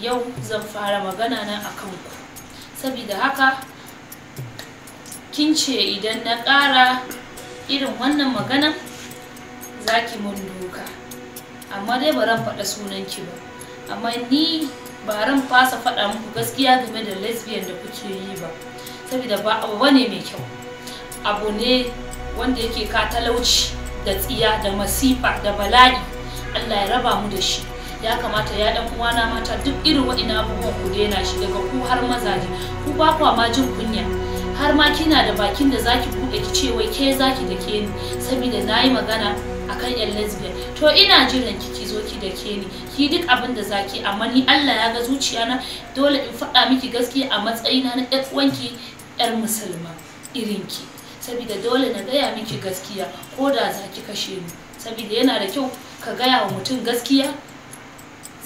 yau zan fara magana nan a kanku saboda haka kin ce idan na ƙara irin wannan magana, zaki ki mun duka amma dai ba ran faɗa sunanki ba amma ni ba ran fasa faɗa muku gaskiya game da lesbian da kuke yi ba saboda ba abu bane mai kyau abu ne wanda yake ka talauci da tsiya da masifa da bala'i allah ya raba mu da shi ya kamata ya dan uwana mata duk irin waina abubuwan ku daina shi daga ku har mazaje ku ba kwa ma jin kunya har ma kina da bakin da zaki buɗe ki ce wai ke zaki da ke ni saboda nayi magana akan yan lesbian to ina jiran ki zo ki da ke ni ki duk abin da zaki amma ni Allah ya ga zuciya na dole in faɗa miki gaskiya a matsayina na ɗan uwanki ƴar musulma irin ki. saboda dole na gaya miki gaskiya ko da zaki kashe ni saboda yana da kyau ka gaya wa mutum gaskiya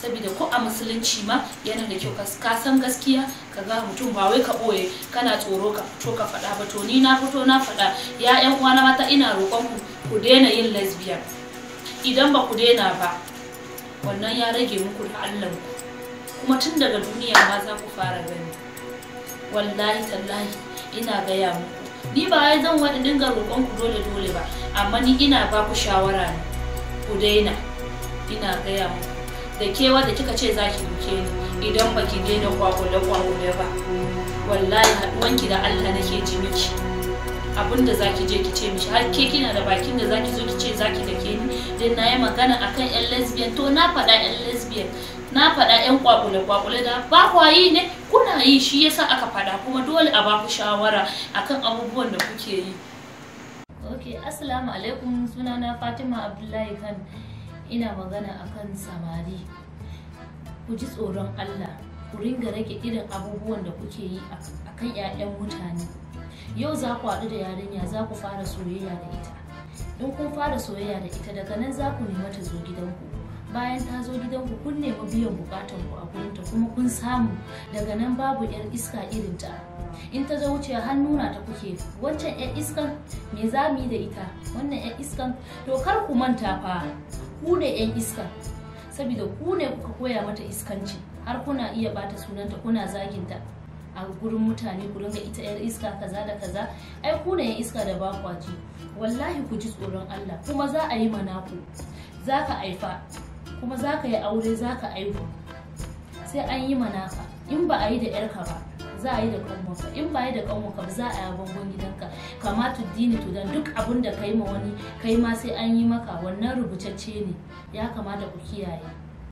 saboda ko a musulunci ma yana da kyau ka san gaskiya ka ga mutum ba wai ka boye kana tsoro ka fito ka faɗa ba to ni na fito na faɗa ya ƴan na mata ina roƙon ku ku daina yin lesbian idan ba ku daina ba wannan ya rage muku da Allah ku kuma tun daga duniya ma za ku fara gani wallahi tallahi ina gaya muku ni ba wai zan wani dinga roƙon ku dole dole ba amma ni ina ba ku shawara ne ku daina ina gaya muku da kewa da kika ce za ki duke idan ba ki daina kwakule-kwakule ba wallahi haɗuwanki da allah nake ji miki abin da zaki je ki ce mishi har ke kina da bakin da zaki zo ki ce zaki da ke ni dan na yi magana akan yan lesbian to na faɗa yan lesbian na faɗa yan kwakule kwakule da ba yi ne kuna yi shi yasa aka fada? kuma dole a baku shawara akan abubuwan da kuke yi okay assalamu alaikum sunana fatima abdullahi khan ina magana akan samari ku ji tsoron allah ku ringa rage irin abubuwan da kuke yi akan 'ya'yan mutane yau za ku haɗu da yarinya za ku fara soyayya da ita in kun fara soyayya da ita daga nan za ku nema ta zo gidanku bayan ta zo gidanku kun nemi biyan bukatan ku a gurinta kuma kun samu daga nan babu yar iska irin ta in ta zo wuce har nuna ta kuke wancan yar iskan me za mu yi da ita wannan yar iskan to kar ku manta fa ku ne 'yan iska saboda kune kuka koya mata iskanci har kuna iya bata sunanta kuna zaginta a gurin mutane ku dinga ita 'yar iska kaza da kaza ai ku ne 'yan iska da ba wallahi ku ji tsoron Allah kuma za a yi manaku za ka aifa kuma za ka yi aure za ka aihu sai an yi manaka in ba a yi da 'yarka ba za a yi da kanmuka in ba yi da kanmuka ba za a yi bangon gidanka kamatu dini dan duk abun da ka yi ma wani kai ma sai an yi maka wannan rubutacce ne ya kamata ku kiyaye